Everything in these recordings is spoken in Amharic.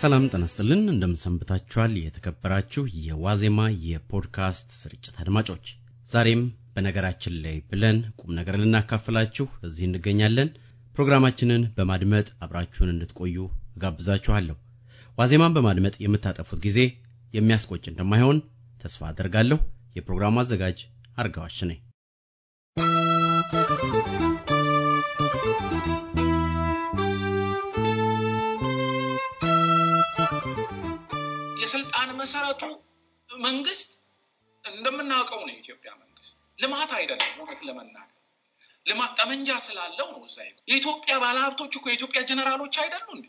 ሰላም ጠነስጥልን እንደምንሰንብታችኋል። የተከበራችሁ የዋዜማ የፖድካስት ስርጭት አድማጮች፣ ዛሬም በነገራችን ላይ ብለን ቁም ነገር ልናካፍላችሁ እዚህ እንገኛለን። ፕሮግራማችንን በማድመጥ አብራችሁን እንድትቆዩ እጋብዛችኋለሁ። ዋዜማን በማድመጥ የምታጠፉት ጊዜ የሚያስቆጭ እንደማይሆን ተስፋ አደርጋለሁ። የፕሮግራሙ አዘጋጅ አርጋዋሽ ነኝ። መሰረቱ መንግስት እንደምናውቀው ነው የኢትዮጵያ መንግስት ልማት አይደለም። እውነት ለመናገር ልማት ጠመንጃ ስላለው ነው እዛ የኢትዮጵያ ባለሀብቶች እኮ የኢትዮጵያ ጀነራሎች አይደሉ እንዴ?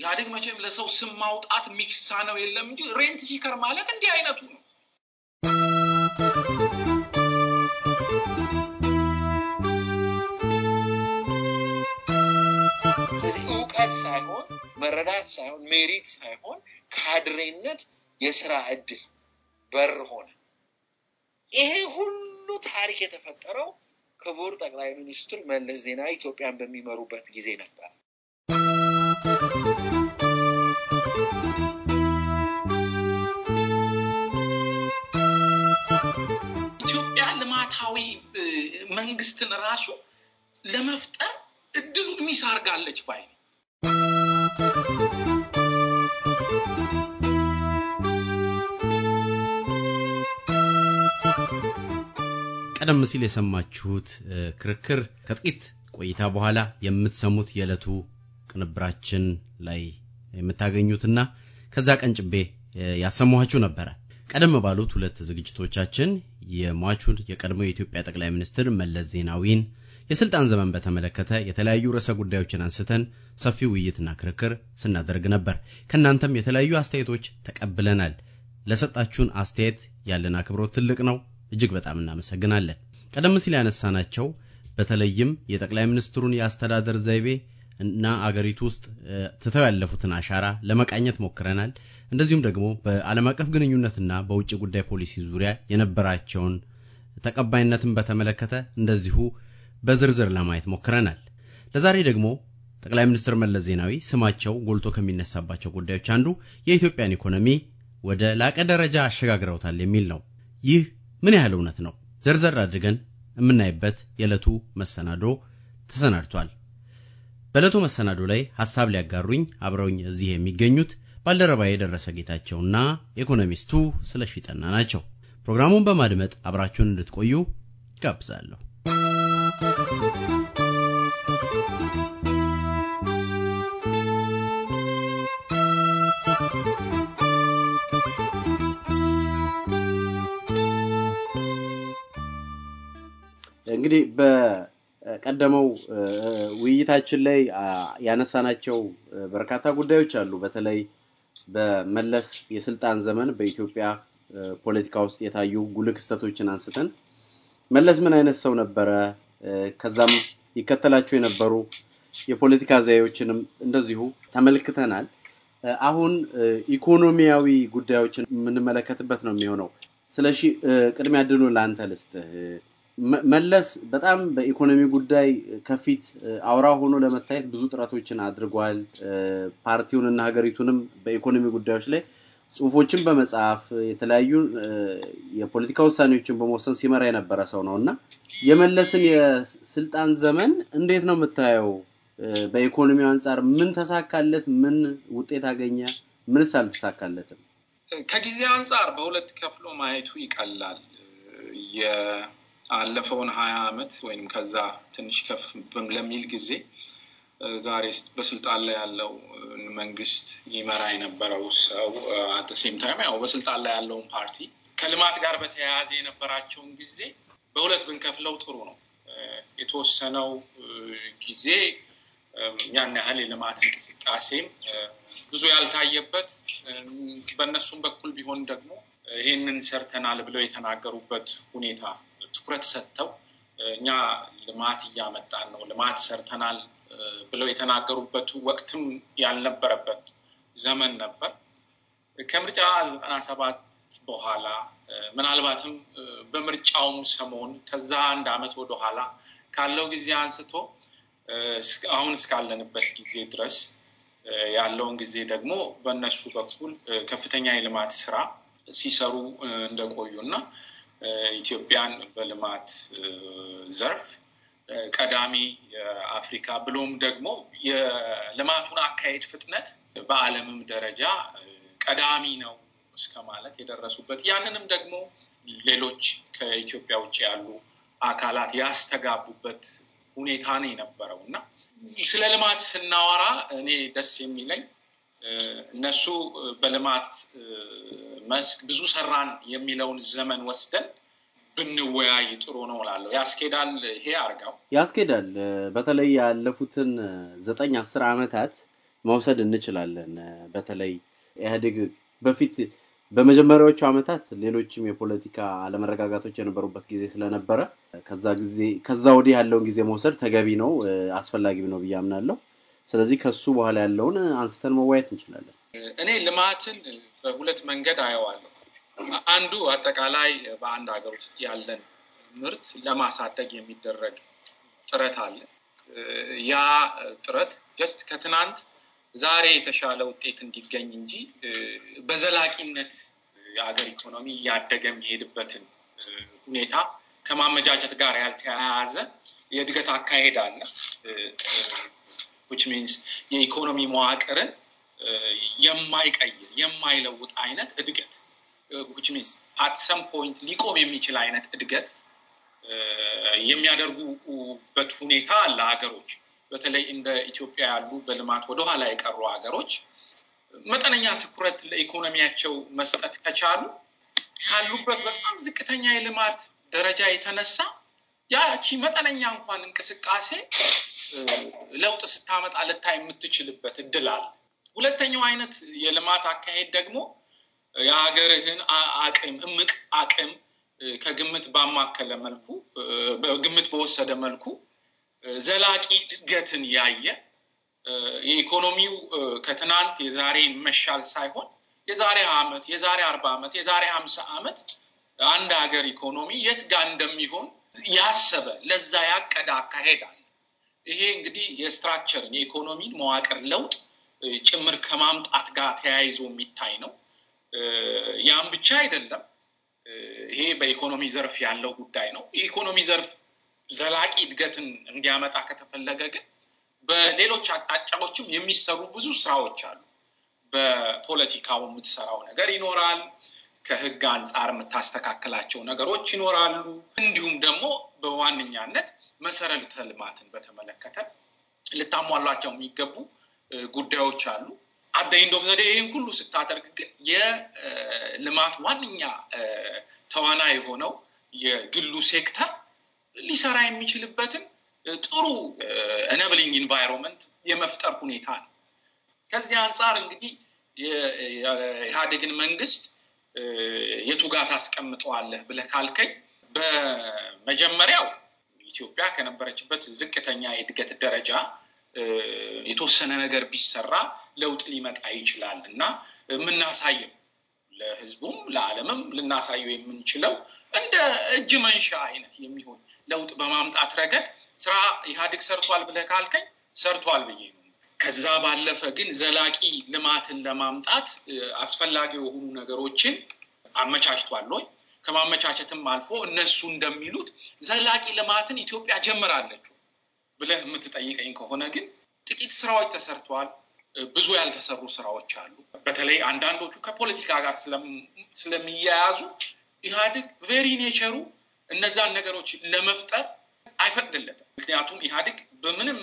ኢህአዴግ መቼም ለሰው ስም ማውጣት ሚክሳ ነው የለም እንጂ ሬንት ሲከር ማለት እንዲህ አይነቱ ነው። ስለዚህ እውቀት ሳይሆን መረዳት ሳይሆን ሜሪት ሳይሆን ካድሬነት የስራ እድል በር ሆነ። ይሄ ሁሉ ታሪክ የተፈጠረው ክቡር ጠቅላይ ሚኒስትር መለስ ዜናዊ ኢትዮጵያን በሚመሩበት ጊዜ ነበር። ኢትዮጵያ ልማታዊ መንግስትን ራሱ ለመፍጠር እድሉን ሚስ አድርጋለች ባይ ነው። ቀደም ሲል የሰማችሁት ክርክር ከጥቂት ቆይታ በኋላ የምትሰሙት የዕለቱ ቅንብራችን ላይ የምታገኙትና ከዛ ቀን ጭቤ ያሰማኋችሁ ነበረ። ቀደም ባሉት ሁለት ዝግጅቶቻችን የሟቹን የቀድሞ የኢትዮጵያ ጠቅላይ ሚኒስትር መለስ ዜናዊን የስልጣን ዘመን በተመለከተ የተለያዩ ርዕሰ ጉዳዮችን አንስተን ሰፊ ውይይትና ክርክር ስናደርግ ነበር። ከእናንተም የተለያዩ አስተያየቶች ተቀብለናል። ለሰጣችሁን አስተያየት ያለን አክብሮት ትልቅ ነው። እጅግ በጣም እናመሰግናለን። ቀደም ሲል ያነሳናቸው በተለይም የጠቅላይ ሚኒስትሩን የአስተዳደር ዘይቤ እና አገሪቱ ውስጥ ትተው ያለፉትን አሻራ ለመቃኘት ሞክረናል። እንደዚሁም ደግሞ በዓለም አቀፍ ግንኙነትና በውጭ ጉዳይ ፖሊሲ ዙሪያ የነበራቸውን ተቀባይነትን በተመለከተ እንደዚሁ በዝርዝር ለማየት ሞክረናል። ለዛሬ ደግሞ ጠቅላይ ሚኒስትር መለስ ዜናዊ ስማቸው ጎልቶ ከሚነሳባቸው ጉዳዮች አንዱ የኢትዮጵያን ኢኮኖሚ ወደ ላቀ ደረጃ አሸጋግረውታል የሚል ነው። ይህ ምን ያህል እውነት ነው? ዘርዘር አድርገን የምናይበት የዕለቱ መሰናዶ ተሰናድቷል። በዕለቱ መሰናዶ ላይ ሐሳብ ሊያጋሩኝ አብረውኝ እዚህ የሚገኙት ባልደረባዬ የደረሰ ጌታቸውና ኢኮኖሚስቱ ስለሺ ጠና ናቸው። ፕሮግራሙን በማድመጥ አብራችሁን እንድትቆዩ ጋብዛለሁ። እንግዲህ በቀደመው ውይይታችን ላይ ያነሳናቸው በርካታ ጉዳዮች አሉ። በተለይ በመለስ የስልጣን ዘመን በኢትዮጵያ ፖለቲካ ውስጥ የታዩ ጉልህ ክስተቶችን አንስተን መለስ ምን አይነት ሰው ነበረ፣ ከዛም ይከተላቸው የነበሩ የፖለቲካ ዘዬዎችንም እንደዚሁ ተመልክተናል። አሁን ኢኮኖሚያዊ ጉዳዮችን የምንመለከትበት ነው የሚሆነው። ስለሺ ቅድሚያ ዕድሉን ለአንተ ልስጥህ። መለስ በጣም በኢኮኖሚ ጉዳይ ከፊት አውራ ሆኖ ለመታየት ብዙ ጥረቶችን አድርጓል። ፓርቲውንና ሀገሪቱንም በኢኮኖሚ ጉዳዮች ላይ ጽሁፎችን በመጻፍ የተለያዩ የፖለቲካ ውሳኔዎችን በመወሰን ሲመራ የነበረ ሰው ነው እና የመለስን የስልጣን ዘመን እንዴት ነው የምታየው? በኢኮኖሚ አንጻር ምን ተሳካለት? ምን ውጤት አገኘ? ምንስ አልተሳካለትም? ከጊዜ አንጻር በሁለት ከፍሎ ማየቱ ይቀላል። አለፈውን ሀያ አመት ወይም ከዛ ትንሽ ከፍ ለሚል ጊዜ ዛሬ በስልጣን ላይ ያለው መንግስት ይመራ የነበረው ሰው አት ሴም ታይም ያው በስልጣን ላይ ያለውን ፓርቲ ከልማት ጋር በተያያዘ የነበራቸውን ጊዜ በሁለት ብንከፍለው ጥሩ ነው። የተወሰነው ጊዜ ያን ያህል የልማት እንቅስቃሴም ብዙ ያልታየበት በእነሱም በኩል ቢሆን ደግሞ ይህንን ሰርተናል ብለው የተናገሩበት ሁኔታ ትኩረት ሰጥተው እኛ ልማት እያመጣን ነው፣ ልማት ሰርተናል ብለው የተናገሩበት ወቅትም ያልነበረበት ዘመን ነበር። ከምርጫ ዘጠና ሰባት በኋላ ምናልባትም በምርጫውም ሰሞን ከዛ አንድ ወደ ወደኋላ ካለው ጊዜ አንስቶ አሁን እስካለንበት ጊዜ ድረስ ያለውን ጊዜ ደግሞ በእነሱ በኩል ከፍተኛ የልማት ስራ ሲሰሩ እንደቆዩ እና ኢትዮጵያን በልማት ዘርፍ ቀዳሚ የአፍሪካ ብሎም ደግሞ የልማቱን አካሄድ ፍጥነት በዓለምም ደረጃ ቀዳሚ ነው እስከ ማለት የደረሱበት ያንንም ደግሞ ሌሎች ከኢትዮጵያ ውጭ ያሉ አካላት ያስተጋቡበት ሁኔታ ነው የነበረው እና ስለ ልማት ስናወራ እኔ ደስ የሚለኝ እነሱ በልማት መስክ ብዙ ሰራን የሚለውን ዘመን ወስደን ብንወያይ ጥሩ ነው እላለሁ። ያስኬዳል። ይሄ አርጋው ያስኬዳል። በተለይ ያለፉትን ዘጠኝ አስር ዓመታት መውሰድ እንችላለን። በተለይ ኢህአዴግ በፊት በመጀመሪያዎቹ ዓመታት ሌሎችም የፖለቲካ አለመረጋጋቶች የነበሩበት ጊዜ ስለነበረ ከዛ ጊዜ ከዛ ወዲህ ያለውን ጊዜ መውሰድ ተገቢ ነው አስፈላጊም ነው ብዬ አምናለሁ። ስለዚህ ከሱ በኋላ ያለውን አንስተን መዋየት እንችላለን። እኔ ልማትን በሁለት መንገድ አየዋለሁ። አንዱ አጠቃላይ በአንድ ሀገር ውስጥ ያለን ምርት ለማሳደግ የሚደረግ ጥረት አለ። ያ ጥረት ጀስት ከትናንት ዛሬ የተሻለ ውጤት እንዲገኝ እንጂ በዘላቂነት የሀገር ኢኮኖሚ እያደገ የሚሄድበትን ሁኔታ ከማመጃጀት ጋር ያልተያያዘ የእድገት አካሄድ አለ። ዊች ሚንስ የኢኮኖሚ መዋቅርን uh, የማይቀይር የማይለውጥ አይነት እድገት ዊች ሚንስ አት ሰም ፖይንት ሊቆም የሚችል አይነት እድገት uh, የሚያደርጉበት ሁኔታ አለ። ሀገሮች በተለይ እንደ ኢትዮጵያ ያሉ በልማት ወደኋላ የቀሩ ሀገሮች መጠነኛ ትኩረት ለኢኮኖሚያቸው መስጠት ከቻሉ ካሉበት በጣም ዝቅተኛ የልማት ደረጃ የተነሳ ያቺ መጠነኛ እንኳን እንቅስቃሴ ለውጥ ስታመጣ ልታይ የምትችልበት እድል አለ። ሁለተኛው አይነት የልማት አካሄድ ደግሞ የሀገርህን አቅም እምቅ አቅም ከግምት ባማከለ መልኩ ግምት በወሰደ መልኩ ዘላቂ እድገትን ያየ የኢኮኖሚው ከትናንት የዛሬ መሻል ሳይሆን የዛሬ ዓመት የዛሬ አርባ ዓመት የዛሬ ሀምሳ ዓመት አንድ ሀገር ኢኮኖሚ የት ጋር እንደሚሆን ያሰበ ለዛ ያቀደ አካሄዳል። ይሄ እንግዲህ የስትራክቸርን የኢኮኖሚን መዋቅር ለውጥ ጭምር ከማምጣት ጋር ተያይዞ የሚታይ ነው። ያም ብቻ አይደለም። ይሄ በኢኮኖሚ ዘርፍ ያለው ጉዳይ ነው። የኢኮኖሚ ዘርፍ ዘላቂ እድገትን እንዲያመጣ ከተፈለገ ግን በሌሎች አቅጣጫዎችም የሚሰሩ ብዙ ስራዎች አሉ። በፖለቲካው የምትሰራው ነገር ይኖራል። ከህግ አንጻር የምታስተካክላቸው ነገሮች ይኖራሉ። እንዲሁም ደግሞ በዋነኛነት መሰረተ ልማትን በተመለከተ ልታሟሏቸው የሚገቡ ጉዳዮች አሉ። አደይንዶ ዘዴ ይህን ሁሉ ስታደርግ ግን የልማት ዋነኛ ተዋና የሆነው የግሉ ሴክተር ሊሰራ የሚችልበትን ጥሩ እነብሊንግ ኢንቫይሮንመንት የመፍጠር ሁኔታ ነው። ከዚህ አንጻር እንግዲህ የኢህአዴግን መንግስት የቱጋ ታስቀምጠዋለህ ብለህ ካልከኝ በመጀመሪያው ኢትዮጵያ ከነበረችበት ዝቅተኛ የእድገት ደረጃ የተወሰነ ነገር ቢሰራ ለውጥ ሊመጣ ይችላል እና የምናሳየው ለህዝቡም ለዓለምም ልናሳየው የምንችለው እንደ እጅ መንሻ አይነት የሚሆን ለውጥ በማምጣት ረገድ ስራ ኢህአዴግ ሰርቷል ብለህ ካልከኝ ሰርቷል ብዬ ነው ከዛ ባለፈ ግን ዘላቂ ልማትን ለማምጣት አስፈላጊ የሆኑ ነገሮችን አመቻችቷል ወይ? ከማመቻቸትም አልፎ እነሱ እንደሚሉት ዘላቂ ልማትን ኢትዮጵያ ጀምራለች ብለህ የምትጠይቀኝ ከሆነ ግን ጥቂት ስራዎች ተሰርተዋል። ብዙ ያልተሰሩ ስራዎች አሉ። በተለይ አንዳንዶቹ ከፖለቲካ ጋር ስለሚያያዙ ኢህአዴግ ቬሪ ኔቸሩ እነዛን ነገሮች ለመፍጠር አይፈቅድለትም። ምክንያቱም ኢህአዴግ በምንም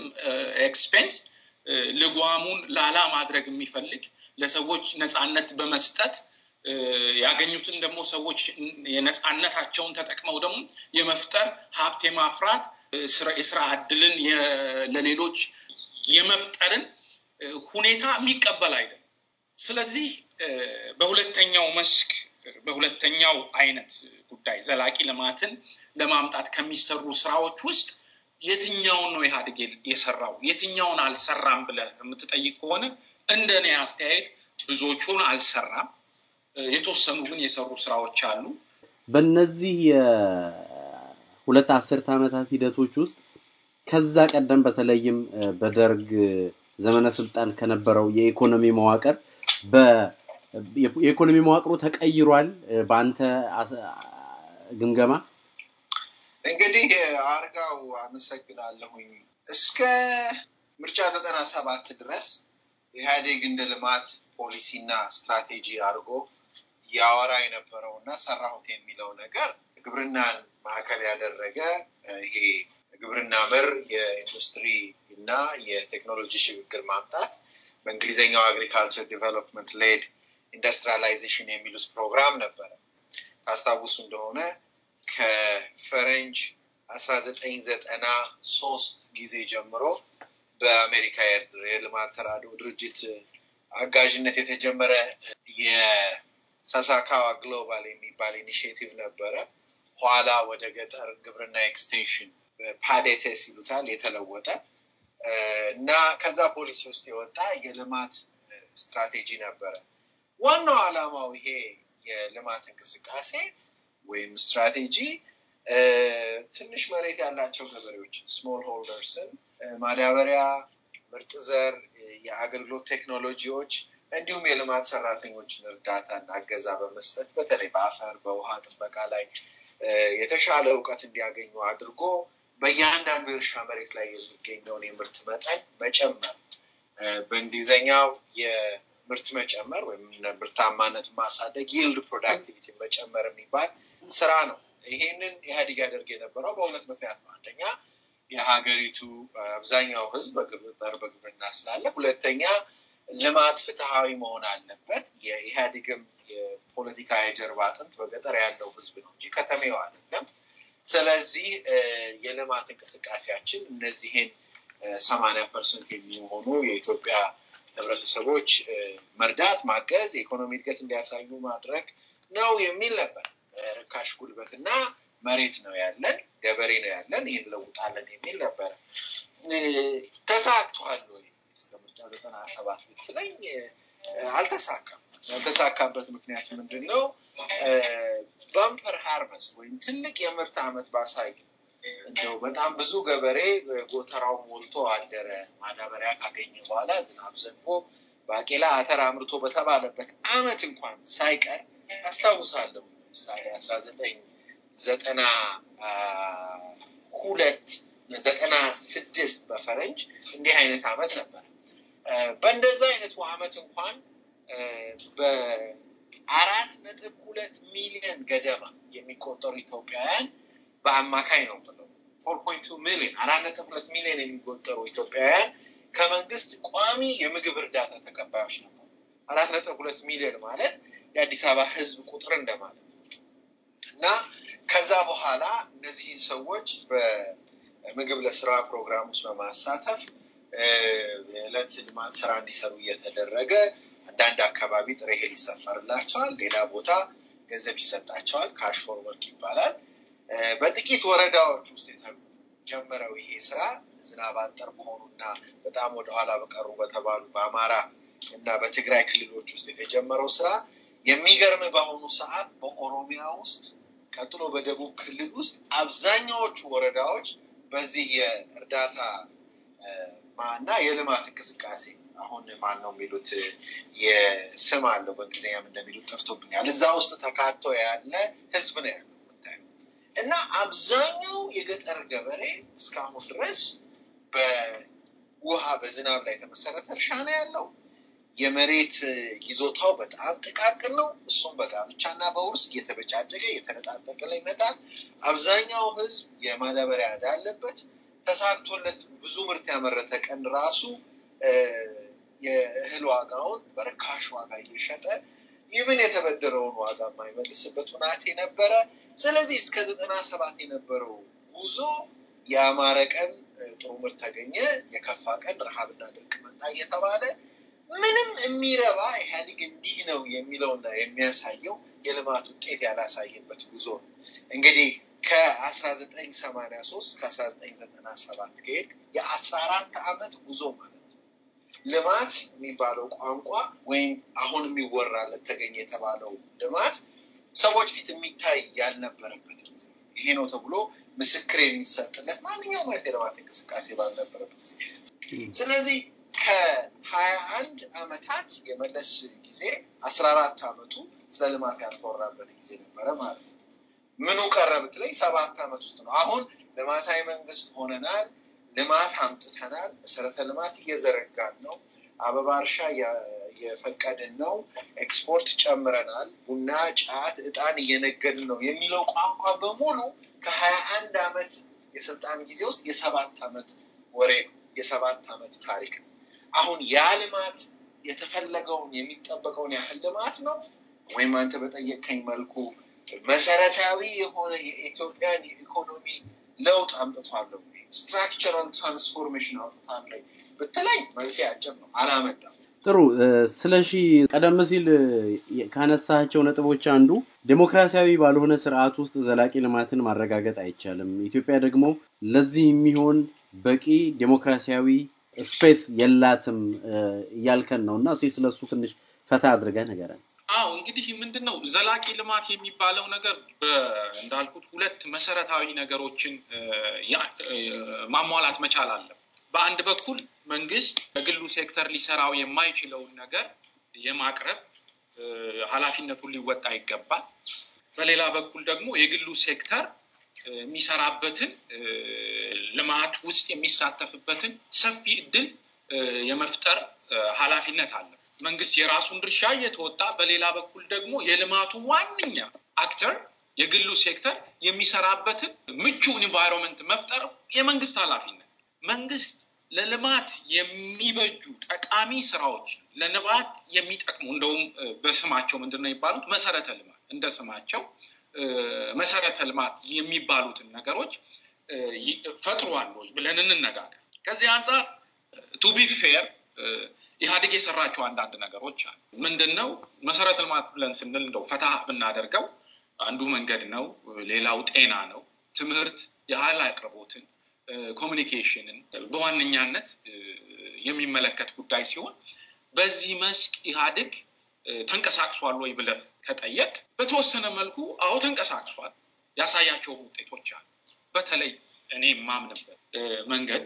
ኤክስፔንስ ልጓሙን ላላ ማድረግ የሚፈልግ ለሰዎች ነፃነት በመስጠት ያገኙትን ደግሞ ሰዎች የነፃነታቸውን ተጠቅመው ደግሞ የመፍጠር ሀብት የማፍራት የስራ እድልን ለሌሎች የመፍጠርን ሁኔታ የሚቀበል አይደለም። ስለዚህ በሁለተኛው መስክ በሁለተኛው አይነት ጉዳይ ዘላቂ ልማትን ለማምጣት ከሚሰሩ ስራዎች ውስጥ የትኛውን ነው ኢህአዴግ የሰራው የትኛውን አልሰራም ብለህ የምትጠይቅ ከሆነ እንደ እኔ አስተያየት ብዙዎቹን አልሰራም፣ የተወሰኑ ግን የሰሩ ስራዎች አሉ። በእነዚህ የሁለት አስርት ዓመታት ሂደቶች ውስጥ ከዛ ቀደም በተለይም በደርግ ዘመነ ስልጣን ከነበረው የኢኮኖሚ መዋቅር የኢኮኖሚ መዋቅሩ ተቀይሯል በአንተ ግምገማ? እንግዲህ አርጋው አመሰግናለሁኝ። እስከ ምርጫ ዘጠና ሰባት ድረስ ኢህአዴግ እንደ ልማት ፖሊሲና ስትራቴጂ አድርጎ ያወራ የነበረው እና ሰራሁት የሚለው ነገር ግብርናን ማዕከል ያደረገ ይሄ ግብርና ምር የኢንዱስትሪ እና የቴክኖሎጂ ሽግግር ማምጣት በእንግሊዝኛው አግሪካልቸር ዲቨሎፕመንት ሌድ ኢንዱስትሪላይዜሽን የሚሉት ፕሮግራም ነበረ። ታስታውሱ እንደሆነ ከፈረንጅ አስራ ዘጠኝ ጊዜ ጀምሮ በአሜሪካ የልማት ተራድኦ ድርጅት አጋዥነት የተጀመረ የሳሳካዋ ግሎባል የሚባል ኢኒሽቲቭ ነበረ። ኋላ ወደ ገጠር ግብርና ኤክስቴንሽን ፓዴቴስ ይሉታል የተለወጠ እና ከዛ ፖሊሲ ውስጥ የወጣ የልማት ስትራቴጂ ነበረ። ዋናው ዓላማው ይሄ የልማት እንቅስቃሴ ወይም ስትራቴጂ ትንሽ መሬት ያላቸው ገበሬዎችን ስሞል ሆልደርስን ማዳበሪያ፣ ምርጥ ዘር፣ የአገልግሎት ቴክኖሎጂዎች እንዲሁም የልማት ሰራተኞችን እና እገዛ በመስጠት በተለይ በአፈር በውሃ ጥበቃ ላይ የተሻለ እውቀት እንዲያገኙ አድርጎ በእያንዳንዱ የእርሻ መሬት ላይ የሚገኘውን የምርት መጠን መጨመር በእንግሊዘኛው የምርት መጨመር ወይም ምርታማነት ማሳደግ ይልድ ፕሮዳክቲቪቲ መጨመር የሚባል ስራ ነው። ይሄንን ኢህአዴግ ያደርግ የነበረው በሁለት ምክንያት ነው። አንደኛ የሀገሪቱ አብዛኛው ህዝብ በግብር በግብርና ስላለ፣ ሁለተኛ ልማት ፍትሐዊ መሆን አለበት። የኢህአዴግም የፖለቲካ የጀርባ አጥንት በገጠር ያለው ህዝብ ነው እንጂ ከተሜው አይደለም። ስለዚህ የልማት እንቅስቃሴያችን እነዚህን ሰማንያ ፐርሰንት የሚሆኑ የኢትዮጵያ ህብረተሰቦች መርዳት፣ ማገዝ፣ የኢኮኖሚ እድገት እንዲያሳዩ ማድረግ ነው የሚል ነበር። ርካሽ ጉልበት እና መሬት ነው ያለን፣ ገበሬ ነው ያለን፣ ይህን ለውጣለን የሚል ነበረ። ተሳክቷል ወይ እስከ ምርጫ ዘጠና ሰባት ብትለኝ አልተሳካም። ያልተሳካበት ምክንያት ምንድን ነው? በምፐር ሃርቨስት ወይም ትልቅ የምርት ዓመት ባሳይ እንደው በጣም ብዙ ገበሬ ጎተራው ሞልቶ አደረ። ማዳበሪያ ካገኘ በኋላ ዝናብ ዘንቦ ባቄላ አተር አምርቶ በተባለበት ዓመት እንኳን ሳይቀር አስታውሳለሁ ለምሳሌ አስራ ዘጠኝ ዘጠና ሁለት ዘጠና ስድስት በፈረንጅ እንዲህ አይነት አመት ነበር። በእንደዛ አይነቱ አመት እንኳን በአራት ነጥብ ሁለት ሚሊዮን ገደማ የሚቆጠሩ ኢትዮጵያውያን በአማካይ ነው ብለው ፎር ፖይንት ቱ ሚሊዮን አራት ነጥብ ሁለት ሚሊዮን የሚቆጠሩ ኢትዮጵያውያን ከመንግስት ቋሚ የምግብ እርዳታ ተቀባዮች ነበሩ። አራት ነጥብ ሁለት ሚሊዮን ማለት የአዲስ አበባ ህዝብ ቁጥር እንደማለት እና ከዛ በኋላ እነዚህን ሰዎች በምግብ ለስራ ፕሮግራም ውስጥ በማሳተፍ የዕለት ልማት ስራ እንዲሰሩ እየተደረገ አንዳንድ አካባቢ ጥሬ እህል ይሰፈርላቸዋል፣ ሌላ ቦታ ገንዘብ ይሰጣቸዋል። ካሽ ፎር ወርክ ይባላል። በጥቂት ወረዳዎች ውስጥ የተጀመረው ይሄ ስራ ዝናብ አጠር መሆኑና በጣም ወደኋላ በቀሩ በተባሉ በአማራ እና በትግራይ ክልሎች ውስጥ የተጀመረው ስራ የሚገርም በአሁኑ ሰዓት በኦሮሚያ ውስጥ ቀጥሎ በደቡብ ክልል ውስጥ አብዛኛዎቹ ወረዳዎች በዚህ የእርዳታ እና የልማት እንቅስቃሴ አሁን ማን ነው የሚሉት የስም አለው በእንግሊዝኛም እንደሚሉት ጠፍቶብኛል። እዛ ውስጥ ተካቶ ያለ ህዝብ ነው ያለው እና አብዛኛው የገጠር ገበሬ እስካሁን ድረስ በውሃ በዝናብ ላይ የተመሰረተ እርሻ ነው ያለው። የመሬት ይዞታው በጣም ጥቃቅን ነው። እሱም በጋብቻና በውርስ እየተበጫጨቀ እየተነጣጠቀ ላይ ይመጣል። አብዛኛው ህዝብ የማዳበሪያ ዕዳ አለበት። ተሳክቶለት ብዙ ምርት ያመረተ ቀን ራሱ የእህል ዋጋውን በርካሽ ዋጋ እየሸጠ ይብን የተበደረውን ዋጋ የማይመልስበት ሁናቴ ነበረ። ስለዚህ እስከ ዘጠና ሰባት የነበረው ጉዞ የአማረ ቀን ጥሩ ምርት ተገኘ፣ የከፋ ቀን ረሃብና ድርቅ መጣ እየተባለ ምንም የሚረባ ኢህአዴግ እንዲህ ነው የሚለውና የሚያሳየው የልማት ውጤት ያላሳየበት ጉዞ ነው። እንግዲህ ከ1983 ከ1997 ከሄድ የ14 ዓመት ጉዞ ማለት ነው። ልማት የሚባለው ቋንቋ ወይም አሁን የሚወራለት ተገኘ የተባለው ልማት ሰዎች ፊት የሚታይ ያልነበረበት ጊዜ ይሄ ነው ተብሎ ምስክር የሚሰጥለት ማንኛውም አይነት የልማት እንቅስቃሴ ባልነበረበት ጊዜ ስለዚህ ከሀያ አንድ አመታት የመለስ ጊዜ አስራ አራት አመቱ ስለ ልማት ያልተወራበት ጊዜ ነበረ ማለት ነው። ምኑ ቀረብት ላይ ሰባት አመት ውስጥ ነው። አሁን ልማታዊ መንግስት ሆነናል፣ ልማት አምጥተናል፣ መሰረተ ልማት እየዘረጋን ነው፣ አበባ እርሻ እየፈቀድን ነው፣ ኤክስፖርት ጨምረናል፣ ቡና፣ ጫት፣ እጣን እየነገድን ነው የሚለው ቋንቋ በሙሉ ከሀያ አንድ አመት የስልጣን ጊዜ ውስጥ የሰባት አመት ወሬ ነው። የሰባት አመት ታሪክ ነው። አሁን ያ ልማት የተፈለገውን የሚጠበቀውን ያህል ልማት ነው ወይም አንተ በጠየቀኝ መልኩ መሰረታዊ የሆነ የኢትዮጵያን የኢኮኖሚ ለውጥ አምጥቷለሁ፣ ስትራክቸራል ትራንስፎርሜሽን አውጥታለሁ ብትለኝ መልሴ አጭር ነው፣ አላመጣም። ጥሩ ስለሺ፣ ቀደም ሲል ካነሳቸው ነጥቦች አንዱ ዴሞክራሲያዊ ባልሆነ ስርዓት ውስጥ ዘላቂ ልማትን ማረጋገጥ አይቻልም። ኢትዮጵያ ደግሞ ለዚህ የሚሆን በቂ ዴሞክራሲያዊ ስፔስ የላትም እያልከን ነው እና እስኪ ስለሱ ትንሽ ፈታ አድርገ ንገረን። አዎ እንግዲህ ምንድን ነው ዘላቂ ልማት የሚባለው ነገር እንዳልኩት ሁለት መሰረታዊ ነገሮችን ማሟላት መቻል አለ። በአንድ በኩል መንግስት በግሉ ሴክተር ሊሰራው የማይችለውን ነገር የማቅረብ ኃላፊነቱን ሊወጣ ይገባል። በሌላ በኩል ደግሞ የግሉ ሴክተር የሚሰራበትን ልማት ውስጥ የሚሳተፍበትን ሰፊ እድል የመፍጠር ኃላፊነት አለ። መንግስት የራሱን ድርሻ እየተወጣ በሌላ በኩል ደግሞ የልማቱ ዋነኛ አክተር የግሉ ሴክተር የሚሰራበትን ምቹ ኢንቫይሮንመንት መፍጠር የመንግስት ኃላፊነት መንግስት ለልማት የሚበጁ ጠቃሚ ስራዎች ለልማት የሚጠቅሙ እንደውም በስማቸው ምንድን ነው የሚባሉት መሰረተ ልማት እንደ ስማቸው መሰረተ ልማት የሚባሉትን ነገሮች ፈጥሯል ወይ ብለን እንነጋገር። ከዚህ አንጻር ቱቢ ፌር ኢህአዴግ የሰራቸው አንዳንድ ነገሮች አሉ። ምንድን ነው መሰረተ ልማት ብለን ስንል እንደው ፈታ ብናደርገው አንዱ መንገድ ነው፣ ሌላው ጤና ነው፣ ትምህርት፣ የኃይል አቅርቦትን፣ ኮሚኒኬሽንን በዋነኛነት የሚመለከት ጉዳይ ሲሆን በዚህ መስክ ኢህአዴግ ተንቀሳቅሷል ወይ ብለን ከጠየቅ በተወሰነ መልኩ አዎ ተንቀሳቅሷል። ያሳያቸው ውጤቶች አሉ። በተለይ እኔ የማምንበት መንገድ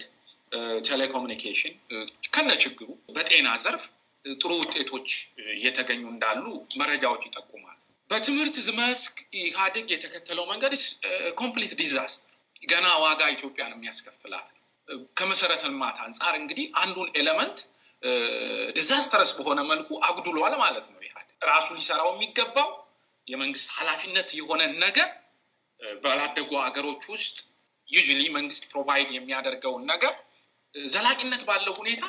ቴሌኮሙኒኬሽን ከነችግሩ በጤና ዘርፍ ጥሩ ውጤቶች እየተገኙ እንዳሉ መረጃዎች ይጠቁማል። በትምህርት ዝመስክ ኢህአዴግ የተከተለው መንገድ ኮምፕሊት ዲዛስተር ገና ዋጋ ኢትዮጵያን የሚያስከፍላት ከመሰረተ ልማት አንጻር እንግዲህ አንዱን ኤሌመንት ዲዛስተረስ uh, በሆነ መልኩ አጉድሏል ማለት ነው ኢህአዴግ ራሱ ሊሰራው የሚገባው የመንግስት ኃላፊነት የሆነ ነገር ባላደጉ ሀገሮች ውስጥ ዩዥሊ መንግስት ፕሮቫይድ የሚያደርገውን ነገር ዘላቂነት ባለው ሁኔታ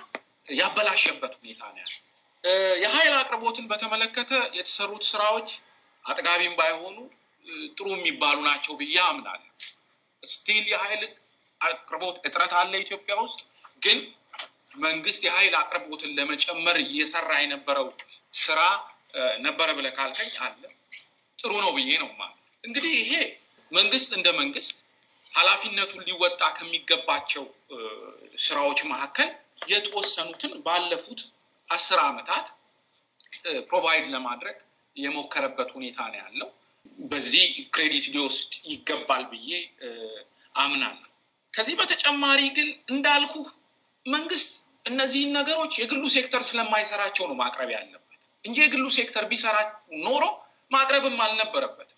ያበላሸበት ሁኔታ ነው ያለ። የሀይል አቅርቦትን በተመለከተ የተሰሩት ስራዎች አጥጋቢም ባይሆኑ ጥሩ የሚባሉ ናቸው ብዬ አምናለሁ። ስቲል የሀይል አቅርቦት እጥረት አለ ኢትዮጵያ ውስጥ። ግን መንግስት የኃይል አቅርቦትን ለመጨመር እየሰራ የነበረው ስራ ነበረ ብለ ካልከኝ አለ ጥሩ ነው ብዬ ነው ማለት። እንግዲህ ይሄ መንግስት እንደ መንግስት ኃላፊነቱን ሊወጣ ከሚገባቸው ስራዎች መካከል የተወሰኑትን ባለፉት አስር አመታት ፕሮቫይድ ለማድረግ የሞከረበት ሁኔታ ነው ያለው። በዚህ ክሬዲት ሊወስድ ይገባል ብዬ አምናለሁ። ከዚህ በተጨማሪ ግን እንዳልኩ መንግስት እነዚህን ነገሮች የግሉ ሴክተር ስለማይሰራቸው ነው ማቅረብ ያለበት። እንጂ የግሉ ሴክተር ቢሰራ ኖሮ ማቅረብም አልነበረበት።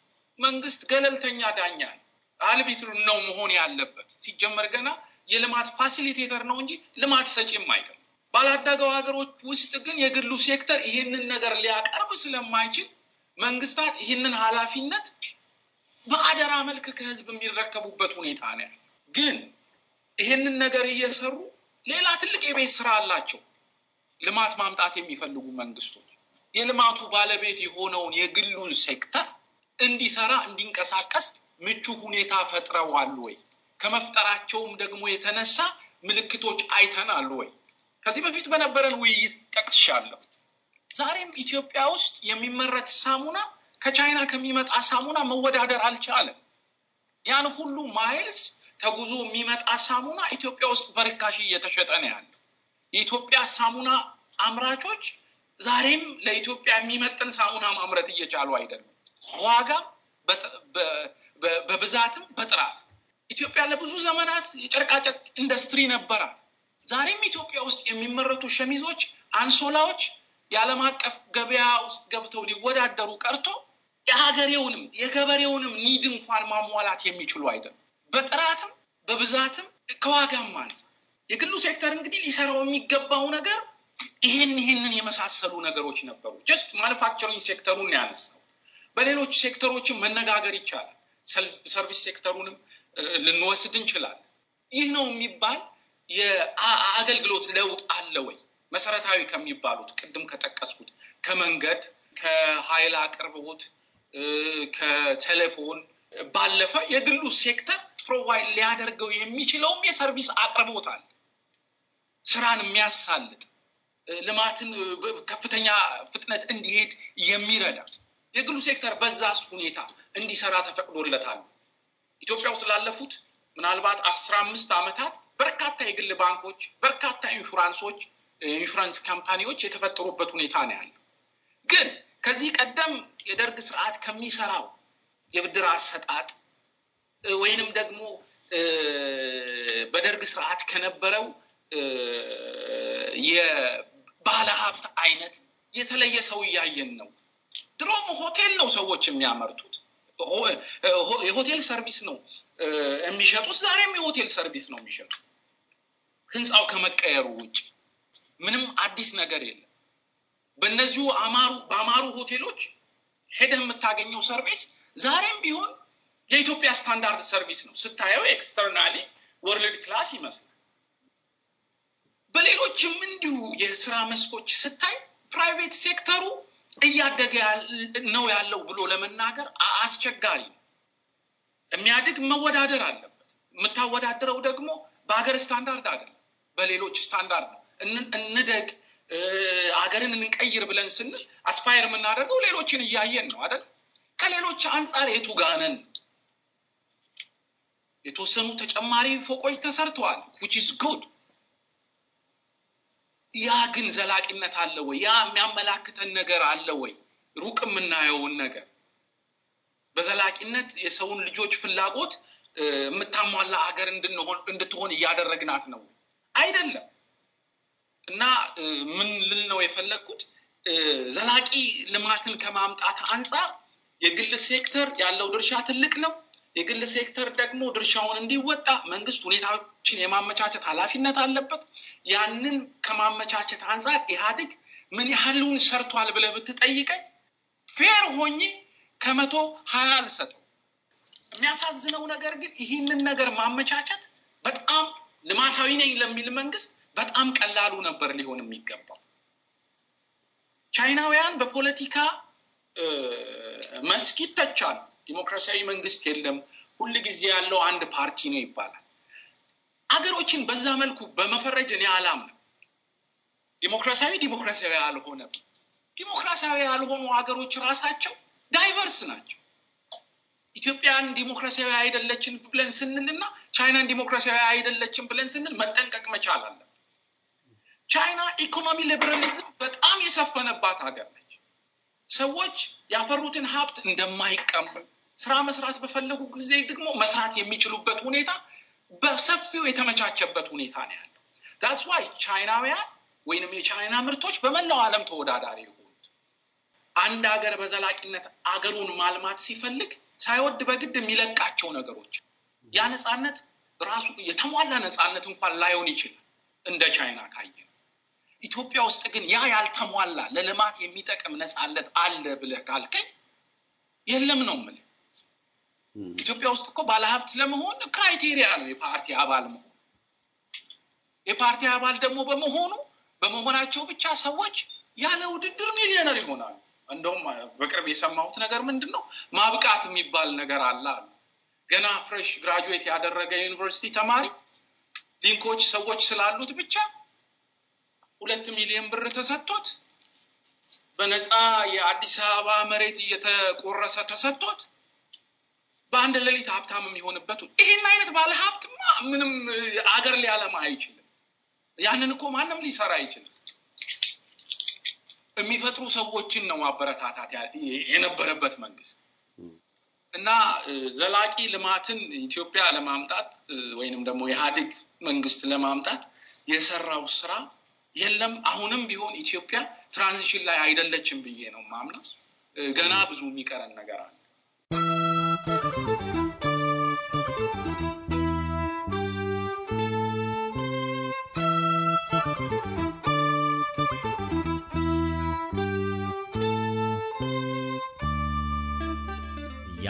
መንግስት ገለልተኛ ዳኛ አልቤት ነው መሆን ያለበት። ሲጀመር ገና የልማት ፋሲሊቴተር ነው እንጂ ልማት ሰጪም አይደለም። ባላደገው ሀገሮች ውስጥ ግን የግሉ ሴክተር ይህንን ነገር ሊያቀርብ ስለማይችል መንግስታት ይህንን ኃላፊነት በአደራ መልክ ከህዝብ የሚረከቡበት ሁኔታ ነው። ግን ይህንን ነገር እየሰሩ ሌላ ትልቅ የቤት ስራ አላቸው ልማት ማምጣት የሚፈልጉ መንግስቶች የልማቱ ባለቤት የሆነውን የግሉን ሴክተር እንዲሰራ እንዲንቀሳቀስ ምቹ ሁኔታ ፈጥረዋል ወይ? ከመፍጠራቸውም ደግሞ የተነሳ ምልክቶች አይተናል ወይ? ከዚህ በፊት በነበረን ውይይት ጠቅሻለሁ። ዛሬም ኢትዮጵያ ውስጥ የሚመረት ሳሙና ከቻይና ከሚመጣ ሳሙና መወዳደር አልቻለም። ያን ሁሉ ማይልስ ተጉዞ የሚመጣ ሳሙና ኢትዮጵያ ውስጥ በርካሽ እየተሸጠ ነው ያለው። የኢትዮጵያ ሳሙና አምራቾች ዛሬም ለኢትዮጵያ የሚመጥን ሳሙና ማምረት እየቻሉ አይደለም። ዋጋ በብዛትም በጥራት ኢትዮጵያ ለብዙ ዘመናት የጨርቃጨርቅ ኢንዱስትሪ ነበራ። ዛሬም ኢትዮጵያ ውስጥ የሚመረቱ ሸሚዞች፣ አንሶላዎች የዓለም አቀፍ ገበያ ውስጥ ገብተው ሊወዳደሩ ቀርቶ የሀገሬውንም የገበሬውንም ኒድ እንኳን ማሟላት የሚችሉ አይደለም። በጥራትም በብዛትም ከዋጋም አንጻር የግሉ ሴክተር እንግዲህ ሊሰራው የሚገባው ነገር ይህን ይህንን የመሳሰሉ ነገሮች ነበሩ። ጀስት ማኑፋክቸሪንግ ሴክተሩን ያነሳው። በሌሎች ሴክተሮችን መነጋገር ይቻላል። ሰርቪስ ሴክተሩንም ልንወስድ እንችላለን። ይህ ነው የሚባል የአገልግሎት ለውጥ አለ ወይ? መሰረታዊ ከሚባሉት ቅድም ከጠቀስኩት ከመንገድ፣ ከኃይል አቅርቦት፣ ከቴሌፎን ባለፈ የግሉ ሴክተር ፕሮቫይድ ሊያደርገው የሚችለውም የሰርቪስ አቅርቦት አለ ስራን የሚያሳልጥ ልማትን ከፍተኛ ፍጥነት እንዲሄድ የሚረዳ የግሉ ሴክተር በዛስ ሁኔታ እንዲሰራ ተፈቅዶለታል። ኢትዮጵያ ውስጥ ላለፉት ምናልባት አስራ አምስት ዓመታት በርካታ የግል ባንኮች፣ በርካታ ኢንሹራንሶች፣ ኢንሹራንስ ካምፓኒዎች የተፈጠሩበት ሁኔታ ነው ያለው። ግን ከዚህ ቀደም የደርግ ስርዓት ከሚሰራው የብድር አሰጣጥ ወይንም ደግሞ በደርግ ስርዓት ከነበረው ባለሀብት አይነት የተለየ ሰው እያየን ነው። ድሮም ሆቴል ነው ሰዎች የሚያመርቱት፣ የሆቴል ሰርቪስ ነው የሚሸጡት። ዛሬም የሆቴል ሰርቪስ ነው የሚሸጡት። ህንፃው ከመቀየሩ ውጭ ምንም አዲስ ነገር የለም። በእነዚሁ በአማሩ ሆቴሎች ሄደህ የምታገኘው ሰርቪስ ዛሬም ቢሆን የኢትዮጵያ ስታንዳርድ ሰርቪስ ነው። ስታየው ኤክስተርናሊ ወርልድ ክላስ ይመስላል። በሌሎችም እንዲሁ የስራ መስኮች ስታይ ፕራይቬት ሴክተሩ እያደገ ነው ያለው ብሎ ለመናገር አስቸጋሪ የሚያድግ መወዳደር አለበት። የምታወዳደረው ደግሞ በሀገር ስታንዳርድ አይደለም፣ በሌሎች ስታንዳርድ ነው። እንደግ አገርን እንቀይር ብለን ስንል አስፓየር የምናደርገው ሌሎችን እያየን ነው አይደል? ከሌሎች አንጻር የቱ ጋነን የተወሰኑ ተጨማሪ ፎቆች ተሰርተዋል፣ ዊች ጉድ ያ ግን ዘላቂነት አለ ወይ? ያ የሚያመላክተን ነገር አለ ወይ? ሩቅ የምናየውን ነገር በዘላቂነት የሰውን ልጆች ፍላጎት የምታሟላ ሀገር እንድትሆን እያደረግናት ነው አይደለም። እና ምን ልል ነው የፈለግኩት ዘላቂ ልማትን ከማምጣት አንጻር የግል ሴክተር ያለው ድርሻ ትልቅ ነው። የግል ሴክተር ደግሞ ድርሻውን እንዲወጣ መንግስት ሁኔታዎችን የማመቻቸት ኃላፊነት አለበት። ያንን ከማመቻቸት አንጻር ኢህአዴግ ምን ያህሉን ሰርቷል ብለ ብትጠይቀኝ ፌር ሆኜ ከመቶ ሀያ አልሰጠው። የሚያሳዝነው ነገር ግን ይህንን ነገር ማመቻቸት በጣም ልማታዊ ነኝ ለሚል መንግስት በጣም ቀላሉ ነበር ሊሆን የሚገባው። ቻይናውያን በፖለቲካ መስክ ይተቻሉ። ዲሞክራሲያዊ መንግስት የለም፣ ሁል ጊዜ ያለው አንድ ፓርቲ ነው ይባላል። አገሮችን በዛ መልኩ በመፈረጅ እኔ አላም ዲሞክራሲያዊ ዲሞክራሲያዊ አልሆነ ዲሞክራሲያዊ ያልሆኑ ሀገሮች ራሳቸው ዳይቨርስ ናቸው። ኢትዮጵያን ዲሞክራሲያዊ አይደለችን ብለን ስንል እና ቻይናን ዲሞክራሲያዊ አይደለችን ብለን ስንል መጠንቀቅ መቻል አለ ቻይና ኢኮኖሚ ሊበራሊዝም በጣም የሰፈነባት ሀገር ነች። ሰዎች ያፈሩትን ሀብት እንደማይቀበል ስራ መስራት በፈለጉ ጊዜ ደግሞ መስራት የሚችሉበት ሁኔታ በሰፊው የተመቻቸበት ሁኔታ ነው ያለው። ዳትስ ዋይ ቻይናውያን ወይንም የቻይና ምርቶች በመላው ዓለም ተወዳዳሪ የሆኑት። አንድ ሀገር በዘላቂነት አገሩን ማልማት ሲፈልግ ሳይወድ በግድ የሚለቃቸው ነገሮች ያ ነጻነት ራሱ የተሟላ ነጻነት እንኳን ላይሆን ይችላል እንደ ቻይና ካየ ኢትዮጵያ ውስጥ ግን ያ ያልተሟላ ለልማት የሚጠቅም ነጻነት አለ ብለህ ካልከኝ የለም ነው የምልህ። ኢትዮጵያ ውስጥ እኮ ባለሀብት ለመሆን ክራይቴሪያ ነው የፓርቲ አባል መሆን። የፓርቲ አባል ደግሞ በመሆኑ በመሆናቸው ብቻ ሰዎች ያለ ውድድር ሚሊዮነር ይሆናሉ። እንደውም በቅርብ የሰማሁት ነገር ምንድን ነው ማብቃት የሚባል ነገር አለ ገና ፍሬሽ ግራጁዌት ያደረገ ዩኒቨርሲቲ ተማሪ ሊንኮች ሰዎች ስላሉት ብቻ ሁለት ሚሊዮን ብር ተሰጥቶት በነፃ የአዲስ አበባ መሬት እየተቆረሰ ተሰጥቶት በአንድ ሌሊት ሀብታም የሚሆንበት ይህን አይነት ባለ ሀብትማ ምንም አገር ሊያለማ አይችልም። ያንን እኮ ማንም ሊሰራ አይችልም። የሚፈጥሩ ሰዎችን ነው ማበረታታት የነበረበት መንግስት እና ዘላቂ ልማትን ኢትዮጵያ ለማምጣት ወይንም ደግሞ የኢህአዴግ መንግስት ለማምጣት የሰራው ስራ የለም። አሁንም ቢሆን ኢትዮጵያ ትራንዚሽን ላይ አይደለችም ብዬ ነው ማምናት። ገና ብዙ የሚቀረን ነገር አለ።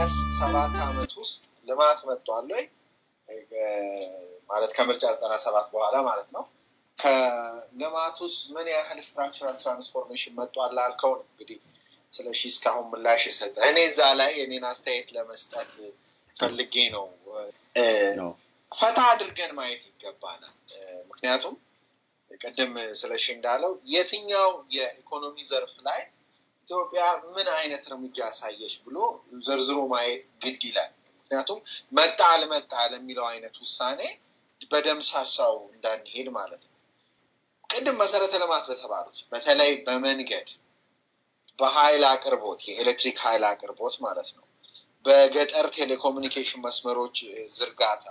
በመለስ ሰባት ዓመት ውስጥ ልማት መጥቷል ወይ ማለት ከምርጫ ዘጠና ሰባት በኋላ ማለት ነው። ከልማት ውስጥ ምን ያህል ስትራክቸራል ትራንስፎርሜሽን መጥቷል አልከው ነው እንግዲህ ሺ እስካሁን ምላሽ የሰጠ እኔ እዛ ላይ እኔን አስተያየት ለመስጠት ፈልጌ ነው። ፈታ አድርገን ማየት ይገባናል። ምክንያቱም ቅድም ስለሺ እንዳለው የትኛው የኢኮኖሚ ዘርፍ ላይ ኢትዮጵያ ምን አይነት እርምጃ ያሳየች ብሎ ዘርዝሮ ማየት ግድ ይላል። ምክንያቱም መጣ አልመጣ ለሚለው አይነት ውሳኔ በደምሳሳው እንዳንሄድ ማለት ነው። ቅድም መሰረተ ልማት በተባሉት በተለይ በመንገድ በኃይል አቅርቦት የኤሌክትሪክ ኃይል አቅርቦት ማለት ነው፣ በገጠር ቴሌኮሙኒኬሽን መስመሮች ዝርጋታ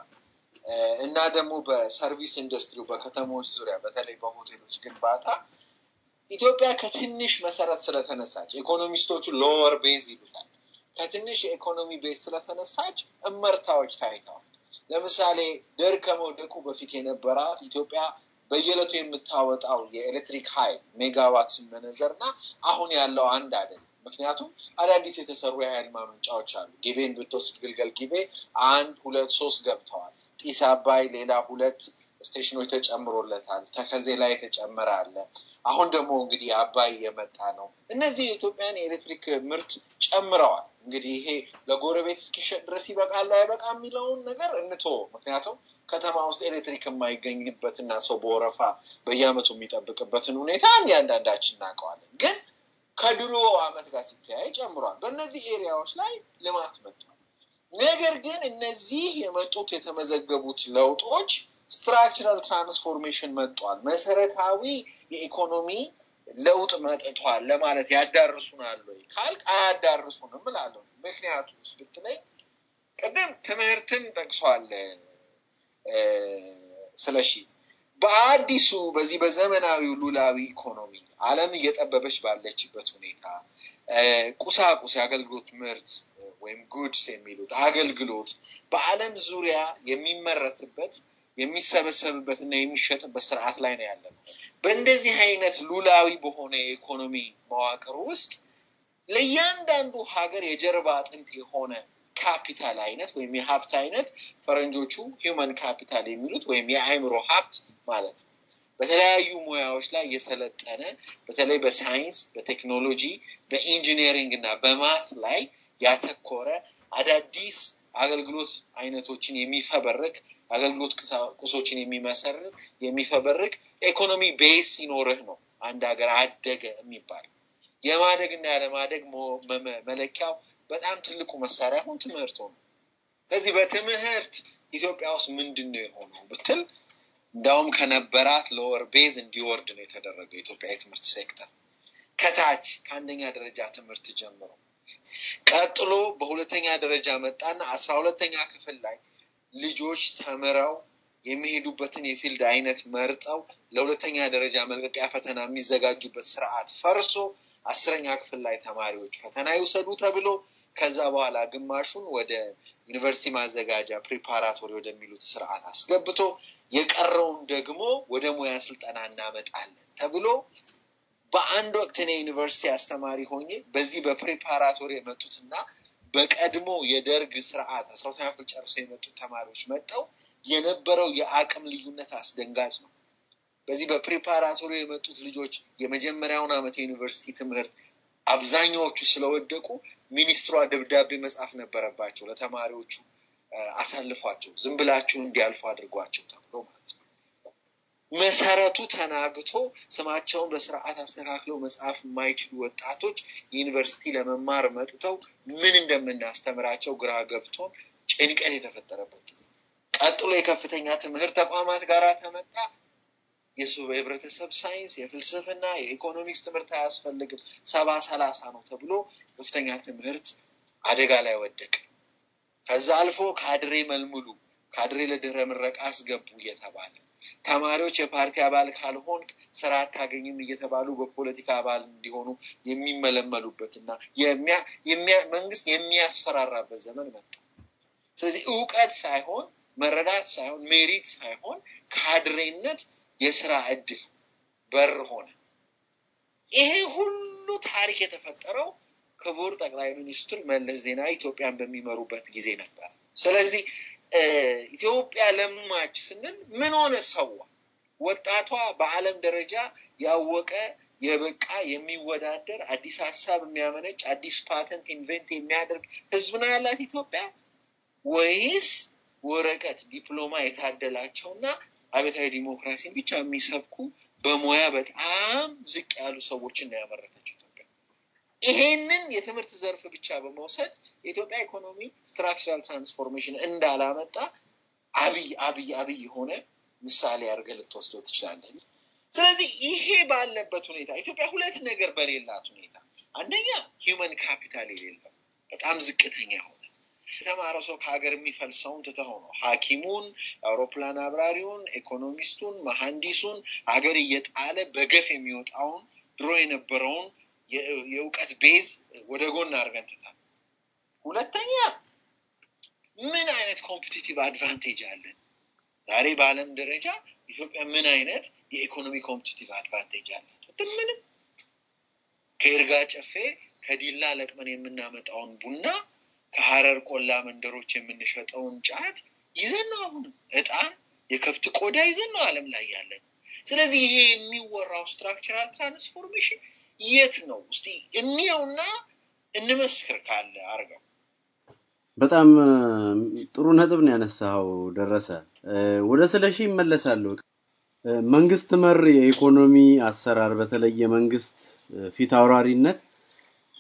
እና ደግሞ በሰርቪስ ኢንዱስትሪው በከተሞች ዙሪያ በተለይ በሆቴሎች ግንባታ ኢትዮጵያ ከትንሽ መሰረት ስለተነሳች ኢኮኖሚስቶቹ ሎወር ቤዝ ይሉታል። ከትንሽ የኢኮኖሚ ቤዝ ስለተነሳች እመርታዎች ታይተዋል። ለምሳሌ ደርግ ከመውደቁ በፊት የነበራት ኢትዮጵያ በየለቱ የምታወጣው የኤሌክትሪክ ሀይል ሜጋዋት ስመነዘር እና አሁን ያለው አንድ አደል ምክንያቱም አዳዲስ የተሰሩ የሀይል ማመንጫዎች አሉ። ጊቤን ብትወስድ ግልገል ጊቤ አንድ ሁለት ሶስት ገብተዋል። ጢስ አባይ ሌላ ሁለት ስቴሽኖች ተጨምሮለታል። ተከዜ ላይ የተጨመረ አለ። አሁን ደግሞ እንግዲህ አባይ የመጣ ነው። እነዚህ የኢትዮጵያን የኤሌክትሪክ ምርት ጨምረዋል። እንግዲህ ይሄ ለጎረቤት እስኪሸጥ ድረስ ይበቃል አይበቃ የሚለውን ነገር እንቶ ምክንያቱም ከተማ ውስጥ ኤሌክትሪክ የማይገኝበትና ሰው በወረፋ በየአመቱ የሚጠብቅበትን ሁኔታ እያንዳንዳችን እናውቀዋለን። ግን ከድሮ አመት ጋር ሲተያይ ጨምሯል። በእነዚህ ኤሪያዎች ላይ ልማት መጥቷል። ነገር ግን እነዚህ የመጡት የተመዘገቡት ለውጦች ስትራክቸራል ትራንስፎርሜሽን መጥቷል። መሰረታዊ የኢኮኖሚ ለውጥ መጥቷል ለማለት ያዳርሱናል ወይ ካልክ አያዳርሱንም እላለሁ። ምክንያቱም ስብትለይ ቅድም ትምህርትን ጠቅሷል ስለሺ በአዲሱ በዚህ በዘመናዊው ሉላዊ ኢኮኖሚ ዓለም እየጠበበች ባለችበት ሁኔታ ቁሳቁስ የአገልግሎት ምርት ወይም ጉድስ የሚሉት አገልግሎት በዓለም ዙሪያ የሚመረትበት የሚሰበሰብበትና የሚሸጥበት ስርዓት ላይ ነው ያለ ነው። በእንደዚህ አይነት ሉላዊ በሆነ የኢኮኖሚ መዋቅር ውስጥ ለእያንዳንዱ ሀገር የጀርባ አጥንት የሆነ ካፒታል አይነት ወይም የሀብት አይነት ፈረንጆቹ ሂውመን ካፒታል የሚሉት ወይም የአእምሮ ሀብት ማለት ነው። በተለያዩ ሙያዎች ላይ የሰለጠነ በተለይ በሳይንስ፣ በቴክኖሎጂ፣ በኢንጂነሪንግ እና በማት ላይ ያተኮረ አዳዲስ አገልግሎት አይነቶችን የሚፈበርክ አገልግሎት ቁሶችን የሚመሰርት የሚፈበርቅ ኢኮኖሚ ቤስ ሲኖርህ ነው አንድ ሀገር አደገ የሚባል። እና ያለማደግ መለኪያው በጣም ትልቁ መሳሪያ ሆን ትምህርት ሆነ። ስለዚህ በትምህርት ኢትዮጵያ ውስጥ ምንድን ነው የሆነው ብትል እንዳውም ከነበራት ሎወር ቤዝ እንዲወርድ ነው የተደረገው የኢትዮጵያ የትምህርት ሴክተር ከታች ከአንደኛ ደረጃ ትምህርት ጀምሮ። ቀጥሎ በሁለተኛ ደረጃ መጣና አስራ ሁለተኛ ክፍል ላይ ልጆች ተምረው የሚሄዱበትን የፊልድ አይነት መርጠው ለሁለተኛ ደረጃ መልቀቂያ ፈተና የሚዘጋጁበት ስርዓት ፈርሶ አስረኛ ክፍል ላይ ተማሪዎች ፈተና ይውሰዱ ተብሎ ከዛ በኋላ ግማሹን ወደ ዩኒቨርሲቲ ማዘጋጃ ፕሪፓራቶሪ ወደሚሉት ስርዓት አስገብቶ የቀረውን ደግሞ ወደ ሙያ ስልጠና እናመጣለን ተብሎ በአንድ ወቅት እኔ ዩኒቨርሲቲ አስተማሪ ሆኜ በዚህ በፕሪፓራቶሪ የመጡትና በቀድሞ የደርግ ስርዓት አስራ ሁለተኛ ክፍል ጨርሰው የመጡ ተማሪዎች መጥተው የነበረው የአቅም ልዩነት አስደንጋጭ ነው። በዚህ በፕሪፓራቶሪ የመጡት ልጆች የመጀመሪያውን ዓመት የዩኒቨርሲቲ ትምህርት አብዛኛዎቹ ስለወደቁ ሚኒስትሯ ደብዳቤ መጻፍ ነበረባቸው ለተማሪዎቹ አሳልፏቸው ዝም ብላችሁ እንዲያልፉ አድርጓቸው ተብሎ ማለት ነው። መሰረቱ ተናግቶ ስማቸውን በስርዓት አስተካክለው መጽሐፍ የማይችሉ ወጣቶች ዩኒቨርሲቲ ለመማር መጥተው ምን እንደምናስተምራቸው ግራ ገብቶን ጭንቀት የተፈጠረበት ጊዜ። ቀጥሎ የከፍተኛ ትምህርት ተቋማት ጋር ተመጣ። የህብረተሰብ ሳይንስ፣ የፍልስፍና፣ የኢኮኖሚክስ ትምህርት አያስፈልግም ሰባ ሰላሳ ነው ተብሎ ከፍተኛ ትምህርት አደጋ ላይ ወደቅ ከዛ አልፎ ካድሬ መልሙሉ ካድሬ ለድረ ምረቃ አስገቡ እየተባለ ተማሪዎች የፓርቲ አባል ካልሆን ስራ አታገኝም እየተባሉ በፖለቲካ አባል እንዲሆኑ የሚመለመሉበት እና መንግስት የሚያስፈራራበት ዘመን መጣ። ስለዚህ እውቀት ሳይሆን መረዳት ሳይሆን ሜሪት ሳይሆን ካድሬነት የስራ እድል በር ሆነ። ይሄ ሁሉ ታሪክ የተፈጠረው ክቡር ጠቅላይ ሚኒስትር መለስ ዜናዊ ኢትዮጵያን በሚመሩበት ጊዜ ነበር። ስለዚህ ኢትዮጵያ ለማች ስንል ምን ሆነ ሰዋ ወጣቷ በአለም ደረጃ ያወቀ የበቃ የሚወዳደር አዲስ ሀሳብ የሚያመነጭ አዲስ ፓተንት ኢንቨንት የሚያደርግ ህዝብ ነው ያላት ኢትዮጵያ ወይስ ወረቀት ዲፕሎማ የታደላቸውና አቤታዊ ዲሞክራሲን ብቻ የሚሰብኩ በሙያ በጣም ዝቅ ያሉ ሰዎችን ነው ያመረተችው? ይሄንን የትምህርት ዘርፍ ብቻ በመውሰድ የኢትዮጵያ ኢኮኖሚ ስትራክቸራል ትራንስፎርሜሽን እንዳላመጣ አብይ አብይ አብይ የሆነ ምሳሌ አድርገህ ልትወስደው ትችላለህ። ስለዚህ ይሄ ባለበት ሁኔታ ኢትዮጵያ ሁለት ነገር በሌላት ሁኔታ፣ አንደኛ ሂውመን ካፒታል የሌለው በጣም ዝቅተኛ ሆነ የተማረ ሰው ከሀገር የሚፈልሰውን ትተኸው ነው ሀኪሙን አውሮፕላን አብራሪውን፣ ኢኮኖሚስቱን፣ መሐንዲሱን ሀገር እየጣለ በገፍ የሚወጣውን ድሮ የነበረውን የእውቀት ቤዝ ወደ ጎን አድርገን ትታል። ሁለተኛ ምን አይነት ኮምፒቲቲቭ አድቫንቴጅ አለን? ዛሬ በአለም ደረጃ ኢትዮጵያ ምን አይነት የኢኮኖሚ ኮምፒቲቲቭ አድቫንቴጅ አላቸው? ምንም ከይርጋ ጨፌ ከዲላ ለቅመን የምናመጣውን ቡና ከሀረር ቆላ መንደሮች የምንሸጠውን ጫት ይዘን ነው አሁን እጣን የከብት ቆዳ ይዘን ነው አለም ላይ ያለን። ስለዚህ ይሄ የሚወራው ስትራክቸራል ትራንስፎርሜሽን የት ነው እስቲ እንየውና እንመስክር ካለ አርገው በጣም ጥሩ ነጥብ ነው ያነሳው ደረሰ። ወደ ስለሺ ይመለሳሉ መንግስት መር የኢኮኖሚ አሰራር በተለይ የመንግስት ፊት አውራሪነት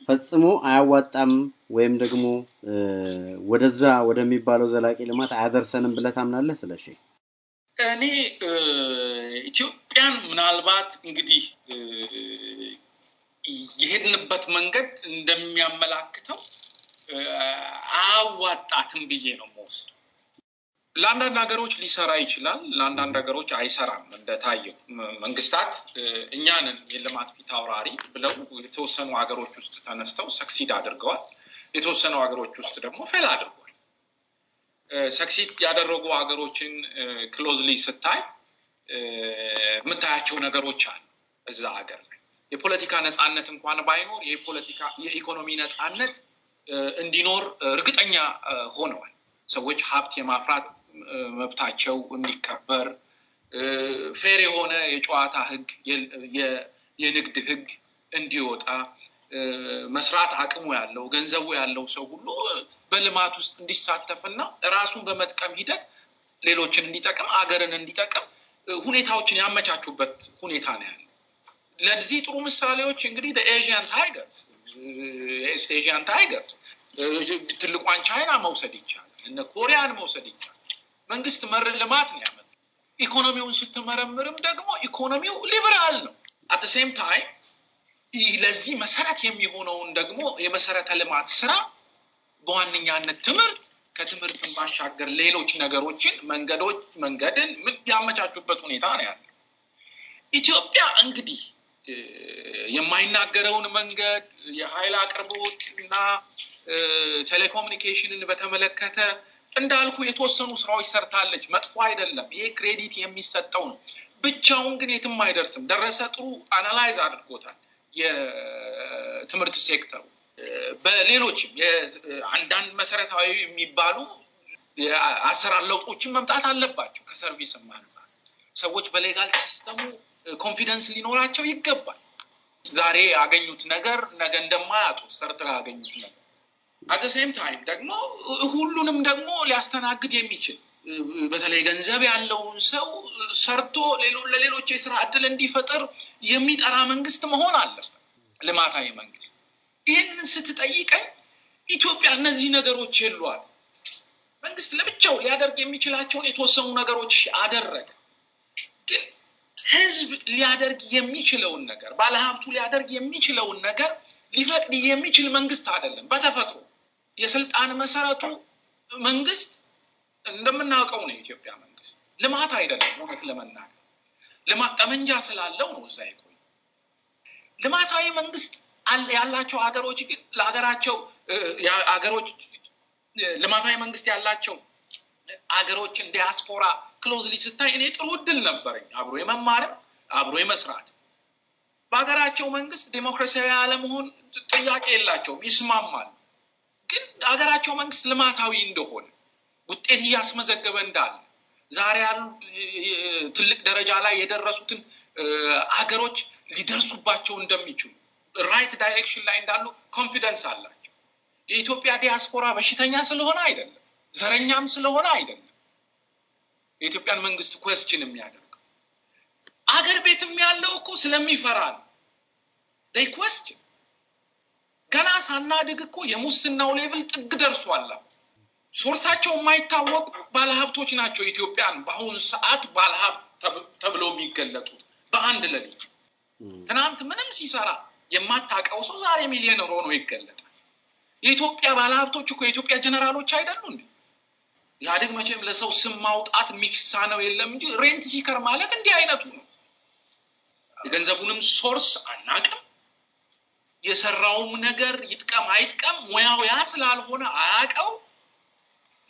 ፈጽሞ አያዋጣም ወይም ደግሞ ወደዛ ወደሚባለው ዘላቂ ልማት አያደርሰንም ብለ ታምናለ ስለ እኔ ኢትዮጵያን ምናልባት እንግዲህ የሄድንበት መንገድ እንደሚያመላክተው አያዋጣትም ብዬ ነው መወስድ። ለአንዳንድ ሀገሮች ሊሰራ ይችላል፣ ለአንዳንድ ሀገሮች አይሰራም። እንደታየው መንግስታት እኛንን የልማት ፊት አውራሪ ብለው የተወሰኑ ሀገሮች ውስጥ ተነስተው ሰክሲድ አድርገዋል። የተወሰኑ ሀገሮች ውስጥ ደግሞ ፌል አድርጓል። ሰክሲድ ያደረጉ ሀገሮችን ክሎዝሊ ስታይ የምታያቸው ነገሮች አሉ እዛ ሀገር ላይ የፖለቲካ ነፃነት እንኳን ባይኖር የፖለቲካ የኢኮኖሚ ነፃነት እንዲኖር እርግጠኛ ሆነዋል። ሰዎች ሀብት የማፍራት መብታቸው እንዲከበር ፌር የሆነ የጨዋታ ህግ የንግድ ህግ እንዲወጣ መስራት አቅሙ ያለው ገንዘቡ ያለው ሰው ሁሉ በልማት ውስጥ እንዲሳተፍና ራሱን በመጥቀም ሂደት ሌሎችን እንዲጠቅም አገርን እንዲጠቅም ሁኔታዎችን ያመቻቹበት ሁኔታ ነው ያለ። ለዚህ ጥሩ ምሳሌዎች እንግዲህ ኤዥያን ታይገርስ ኤስት ኤዥያን ታይገርስ ትልቋን ቻይና መውሰድ ይቻላል። እነ ኮሪያን መውሰድ ይቻላል። መንግስት መር ልማት ነው ያመጣ። ኢኮኖሚውን ስትመረምርም ደግሞ ኢኮኖሚው ሊበራል ነው። አት ሴም ታይም ለዚህ መሰረት የሚሆነውን ደግሞ የመሰረተ ልማት ስራ በዋነኛነት ትምህርት ከትምህርትን ባሻገር ሌሎች ነገሮችን መንገዶች መንገድን ያመቻቹበት ሁኔታ ነው ያለው። ኢትዮጵያ እንግዲህ የማይናገረውን መንገድ የኃይል አቅርቦት እና ቴሌኮሙኒኬሽንን በተመለከተ እንዳልኩ የተወሰኑ ስራዎች ሰርታለች። መጥፎ አይደለም። ይሄ ክሬዲት የሚሰጠው ነው። ብቻውን ግን የትም አይደርስም። ደረሰ ጥሩ አናላይዝ አድርጎታል። የትምህርት ሴክተሩ በሌሎችም አንዳንድ መሰረታዊ የሚባሉ አሰራር ለውጦችን መምጣት አለባቸው። ከሰርቪስም አንጻር ሰዎች በሌጋል ሲስተሙ ኮንፊደንስ ሊኖራቸው ይገባል። ዛሬ ያገኙት ነገር ነገ እንደማያጡ ሰርተው ያገኙት ነገር አደ ሴም ታይም ደግሞ ሁሉንም ደግሞ ሊያስተናግድ የሚችል በተለይ ገንዘብ ያለውን ሰው ሰርቶ ለሌሎች የስራ እድል እንዲፈጥር የሚጠራ መንግስት መሆን አለበት፣ ልማታዊ መንግስት። ይህንን ስትጠይቀኝ ኢትዮጵያ እነዚህ ነገሮች የሏት። መንግስት ለብቻው ሊያደርግ የሚችላቸውን የተወሰኑ ነገሮች አደረገ ግን ህዝብ ሊያደርግ የሚችለውን ነገር ባለሀብቱ ሊያደርግ የሚችለውን ነገር ሊፈቅድ የሚችል መንግስት አይደለም። በተፈጥሮ የስልጣን መሰረቱ መንግስት እንደምናውቀው ነው። የኢትዮጵያ መንግስት ልማት አይደለም። እውነት ለመናገር ልማት ጠመንጃ ስላለው ነው እዛ ይቆ ልማታዊ መንግስት ያላቸው ሀገሮች ግን ለሀገራቸው ሀገሮች ልማታዊ መንግስት ያላቸው ሀገሮችን ዲያስፖራ ክሎዝሊ ስታይ እኔ ጥሩ እድል ነበረኝ አብሮ የመማርም አብሮ የመስራት። በሀገራቸው መንግስት ዴሞክራሲያዊ አለመሆን ጥያቄ የላቸውም፣ ይስማማል። ግን ሀገራቸው መንግስት ልማታዊ እንደሆነ ውጤት እያስመዘገበ እንዳለ ዛሬ ያሉ ትልቅ ደረጃ ላይ የደረሱትን አገሮች ሊደርሱባቸው እንደሚችሉ ራይት ዳይሬክሽን ላይ እንዳሉ ኮንፊደንስ አላቸው። የኢትዮጵያ ዲያስፖራ በሽተኛ ስለሆነ አይደለም፣ ዘረኛም ስለሆነ አይደለም። የኢትዮጵያን መንግስት ኮስችን የሚያደርገው አገር ቤትም ያለው እኮ ስለሚፈራ ነው። ይ ኮስችን ገና ሳናድግ እኮ የሙስናው ሌብል ጥግ ደርሷለ ሶርሳቸው የማይታወቁ ባለሀብቶች ናቸው ኢትዮጵያን በአሁኑ ሰዓት ባለሀብት ተብለው የሚገለጡት በአንድ ሌሊት ትናንት ምንም ሲሰራ የማታቀው ሰው ዛሬ ሚሊዮነር ሆኖ ይገለጣል። የኢትዮጵያ ባለሀብቶች እኮ የኢትዮጵያ ጀነራሎች አይደሉ እንዴ? ኢህአዴግ መቼም ለሰው ስም ማውጣት ሚክሳ ነው የለም እንጂ ሬንት ሲከር ማለት እንዲህ አይነቱ ነው። የገንዘቡንም ሶርስ አናቅም። የሰራውም ነገር ይጥቀም አይጥቀም ሙያው ያ ስላልሆነ አያቀው።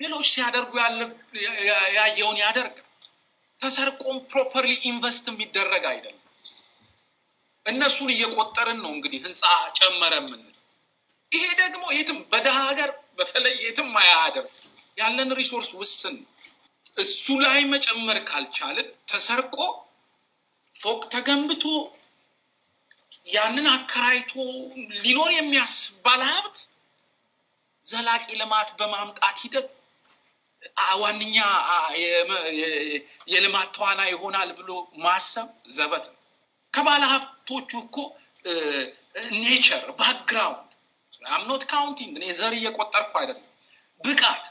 ሌሎች ሲያደርጉ ያየውን ያደርግ። ተሰርቆም ፕሮፐርሊ ኢንቨስት የሚደረግ አይደለም። እነሱን እየቆጠርን ነው እንግዲህ ህንፃ ጨመረ የምንል። ይሄ ደግሞ የትም በደሃ ሀገር በተለይ የትም አያደርስም። ያለን ሪሶርስ ውስን እሱ ላይ መጨመር ካልቻልን ተሰርቆ ፎቅ ተገንብቶ ያንን አከራይቶ ሊኖር የሚያስብ ባለሀብት ዘላቂ ልማት በማምጣት ሂደት ዋነኛ የልማት ተዋና ይሆናል ብሎ ማሰብ ዘበት ነው። ከባለ ሀብቶቹ እኮ ኔቸር ባክግራውንድ አምኖት ካውንቲንግ እኔ ዘር እየቆጠርኩ አይደለም ብቃት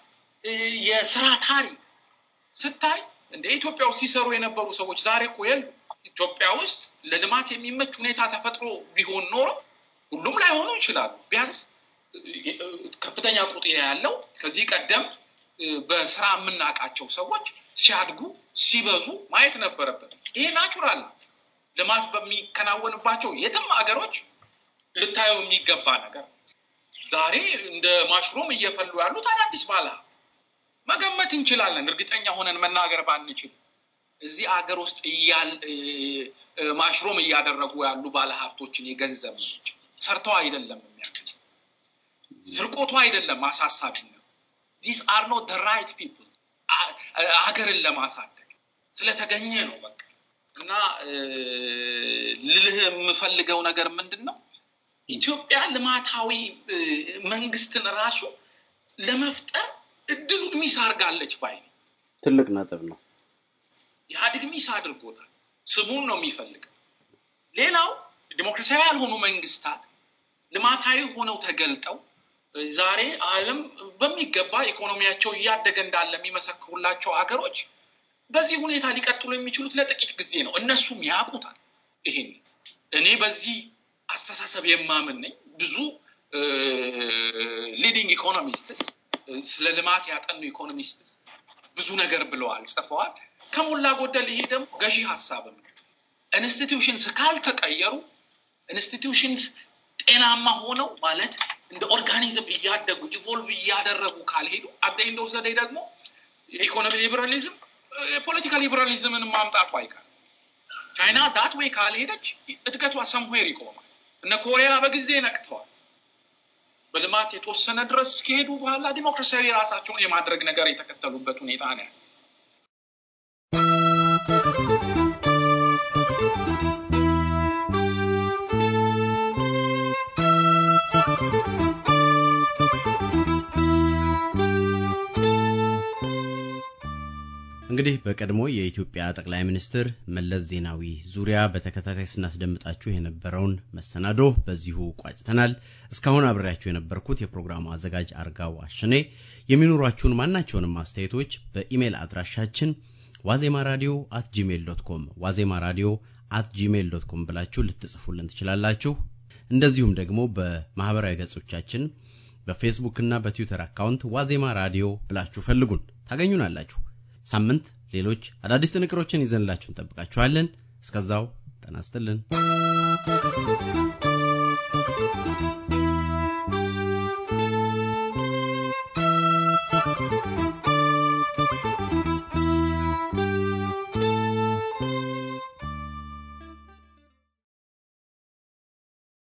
የስራ ታሪክ ስታይ እንደ ኢትዮጵያ ውስጥ ሲሰሩ የነበሩ ሰዎች ዛሬ እኮ የሉ። ኢትዮጵያ ውስጥ ለልማት የሚመች ሁኔታ ተፈጥሮ ቢሆን ኖሮ ሁሉም ላይሆኑ ይችላሉ። ቢያንስ ከፍተኛ ቁጥር ያለው ከዚህ ቀደም በስራ የምናውቃቸው ሰዎች ሲያድጉ ሲበዙ ማየት ነበረበት። ይሄ ናቹራል ልማት በሚከናወንባቸው የትም ሀገሮች ልታየው የሚገባ ነገር። ዛሬ እንደ ማሽሮም እየፈሉ ያሉት አዳዲስ ባለ መገመት እንችላለን፣ እርግጠኛ ሆነን መናገር ባንችል። እዚህ አገር ውስጥ ማሽሮም እያደረጉ ያሉ ባለሀብቶችን የገንዘብ ምንጭ ሰርተው አይደለም የሚያገኙ ስርቆቱ አይደለም አሳሳቢነት። ዚስ አር ኖት ደ ራይት ፒፕል አገርን ለማሳደግ ስለተገኘ ነው በቃ። እና ልልህ የምፈልገው ነገር ምንድን ነው፣ ኢትዮጵያ ልማታዊ መንግስትን ራሱ ለመፍጠር እድሉን ሚስ አርጋለች ባይ ትልቅ ነጥብ ነው። ኢህአዴግ ሚስ አድርጎታል። ስሙን ነው የሚፈልገው። ሌላው ዲሞክራሲያዊ ያልሆኑ መንግስታት ልማታዊ ሆነው ተገልጠው ዛሬ አለም በሚገባ ኢኮኖሚያቸው እያደገ እንዳለ የሚመሰክሩላቸው ሀገሮች በዚህ ሁኔታ ሊቀጥሉ የሚችሉት ለጥቂት ጊዜ ነው። እነሱም ያቁታል ይሄን እኔ በዚህ አስተሳሰብ የማምን ነኝ። ብዙ ሊዲንግ ኢኮኖሚስትስ ስለ ልማት ያጠኑ ኢኮኖሚስት ብዙ ነገር ብለዋል፣ ጽፈዋል። ከሞላ ጎደል ይሄ ደግሞ ገዢ ሀሳብም ነው። ኢንስቲትዩሽንስ ካልተቀየሩ ኢንስቲትዩሽንስ ጤናማ ሆነው ማለት እንደ ኦርጋኒዝም እያደጉ ኢቮልቭ እያደረጉ ካልሄዱ አደይንዶ ዘዴ ደግሞ የኢኮኖሚ ሊበራሊዝም የፖለቲካ ሊበራሊዝምን ማምጣቱ አይቀር ቻይና ዳት ወይ ካልሄደች እድገቷ ሰምሄር ይቆማል። እነ ኮሪያ በጊዜ ነቅተዋል። በልማት የተወሰነ ድረስ ከሄዱ በኋላ ዲሞክራሲያዊ የራሳቸውን የማድረግ ነገር የተከተሉበት ሁኔታ ነው። እንግዲህ በቀድሞ የኢትዮጵያ ጠቅላይ ሚኒስትር መለስ ዜናዊ ዙሪያ በተከታታይ ስናስደምጣችሁ የነበረውን መሰናዶ በዚሁ ቋጭተናል። እስካሁን አብሬያችሁ የነበርኩት የፕሮግራሙ አዘጋጅ አርጋው አሽኔ። የሚኖሯችሁን ማናቸውንም አስተያየቶች በኢሜይል አድራሻችን ዋዜማ ራዲዮ አት ጂሜል ዶት ኮም ዋዜማ ራዲዮ አት ጂሜል ዶት ኮም ብላችሁ ልትጽፉልን ትችላላችሁ። እንደዚሁም ደግሞ በማህበራዊ ገጾቻችን በፌስቡክ እና በትዊተር አካውንት ዋዜማ ራዲዮ ብላችሁ ፈልጉን ታገኙናላችሁ። ሳምንት ሌሎች አዳዲስ ጥንቅሮችን ይዘንላችሁ እንጠብቃችኋለን። እስከዛው ጤና ይስጥልን።